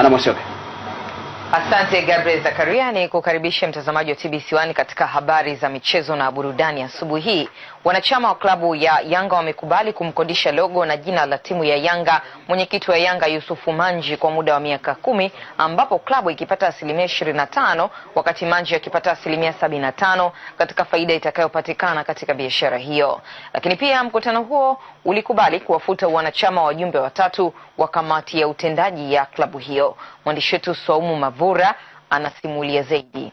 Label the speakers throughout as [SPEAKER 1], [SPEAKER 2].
[SPEAKER 1] انا موسوعه
[SPEAKER 2] Asante Gabriel Zakaria. Ni kukaribisha mtazamaji wa TBC1 katika habari za michezo na burudani asubuhi hii. Wanachama wa klabu ya Yanga wamekubali kumkodisha logo na jina la timu ya Yanga mwenyekiti wa Yanga Yusufu Manji kwa muda wa miaka kumi, ambapo klabu ikipata asilimia ishirini na tano wakati Manji akipata asilimia sabini na tano katika faida itakayopatikana katika biashara hiyo. Lakini pia mkutano huo ulikubali kuwafuta wanachama wajumbe watatu wa kamati ya utendaji ya klabu hiyo. Mwandishi wetu Saumu Mavura anasimulia zaidi.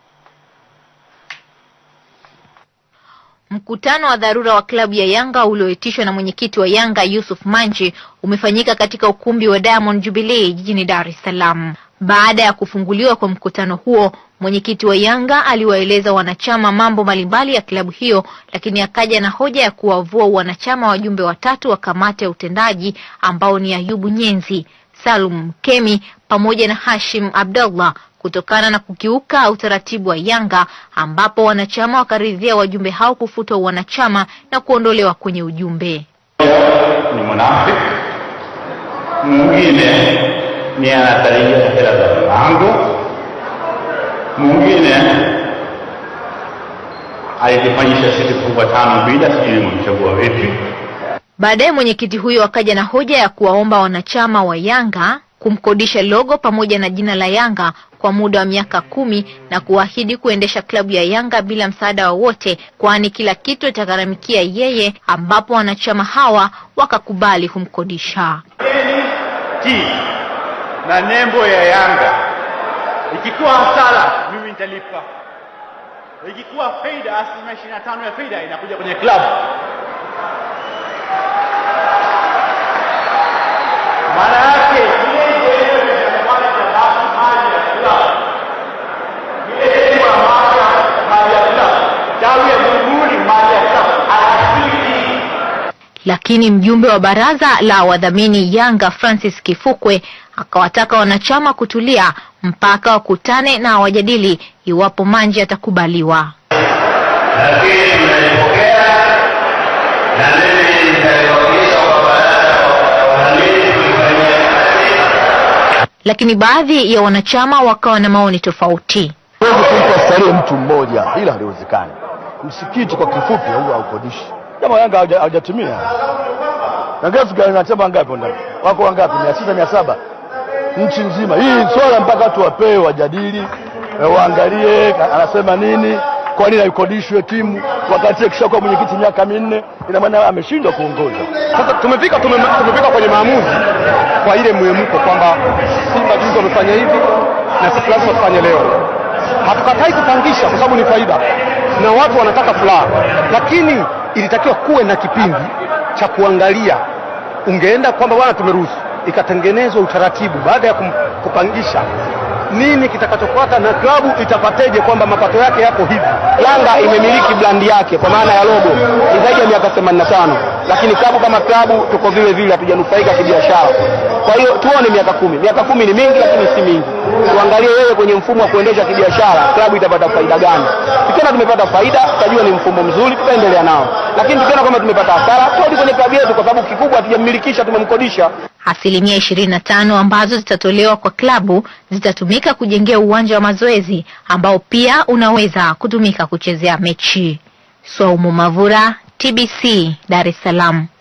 [SPEAKER 3] Mkutano wa dharura wa klabu ya Yanga ulioitishwa na mwenyekiti wa Yanga Yusuf Manji umefanyika katika ukumbi wa Diamond Jubilee jijini Dar es Salaam. Baada ya kufunguliwa kwa mkutano huo, mwenyekiti wa Yanga aliwaeleza wanachama mambo mbalimbali ya klabu hiyo, lakini akaja na hoja ya kuwavua wanachama wajumbe watatu wa kamati ya utendaji ambao ni Ayubu Nyenzi, Salum Kemi pamoja na Hashim Abdallah kutokana na kukiuka utaratibu wa Yanga ambapo wanachama wakaridhia wajumbe hao kufutwa wanachama na kuondolewa kwenye ujumbe.
[SPEAKER 4] Ni mwanafiki mwingine, ni anatarajia hela za mlango, mwingine alijifanyisha sisi kubwa tano bila, sijui nimemchagua vipi.
[SPEAKER 3] Baadaye mwenyekiti huyo akaja na hoja ya kuwaomba wanachama wa Yanga kumkodisha logo pamoja na jina la Yanga kwa muda wa miaka kumi na kuahidi kuendesha klabu ya Yanga bila msaada wowote, kwani kila kitu itagharamikia yeye, ambapo wanachama hawa wakakubali kumkodisha
[SPEAKER 4] na nembo ya Yanga. Ikikuwa hasara mimi nitalipa, ikikuwa faida asilimia 25 ya faida inakuja kwenye klabu. Lakini mjumbe wa baraza la wadhamini Yanga Francis Kifukwe akawataka wanachama kutulia mpaka wakutane na wajadili iwapo Manji atakubaliwa. Lakini baadhi ya wanachama wakawa na maoni tofauti. Starehe mtu mmoja, ila haliwezekani. Msikiti kwa kifupi huwa haukodishi kama Yanga hawajatumia na gani na chama ngapi ndani? Wako wangapi? 600 700 nchi nzima hii. Swala mpaka watu wapewe, wajadili, eh, waangalie anasema nini, kwa nini haikodishwe timu wakati kwa mwenyekiti miaka minne, ina maana ameshindwa kuongoza. Sasa tumefika tumefika kwenye maamuzi kwa ile mwemko kwamba Simba juzi wamefanya hivi na sisi lazima tufanye leo. Hatukatai kupangisha kwa sababu ni faida na watu wanataka furaha, lakini ilitakiwa kuwe na kipindi cha kuangalia, ungeenda kwamba bwana, tumeruhusu ikatengenezwa utaratibu baada ya kupangisha nini kitakachofuata na klabu itapateje, kwamba mapato yake yako hivi. Yanga imemiliki brandi yake kwa maana ya logo ni zaidi ya miaka 85 lakini klabu kama klabu tuko vile vile, hatujanufaika kibiashara. Kwa hiyo tuone miaka kumi, miaka kumi ni mingi lakini si mingi. Tuangalie wewe kwenye mfumo wa kuendesha kibiashara, klabu itapata faida gani? Tukiona tumepata faida, tutajua ni mfumo mzuri, tutaendelea nao, lakini tukiona kama tumepata hasara, turudi kwenye klabu yetu, kwa sababu kikubwa hatujammilikisha, tumemkodisha. Asilimia ishirini na tano ambazo zitatolewa kwa klabu zitatumika kujengea uwanja wa mazoezi ambao pia unaweza kutumika kuchezea mechi. Swaumu Mavura TBC Dar es Salaam.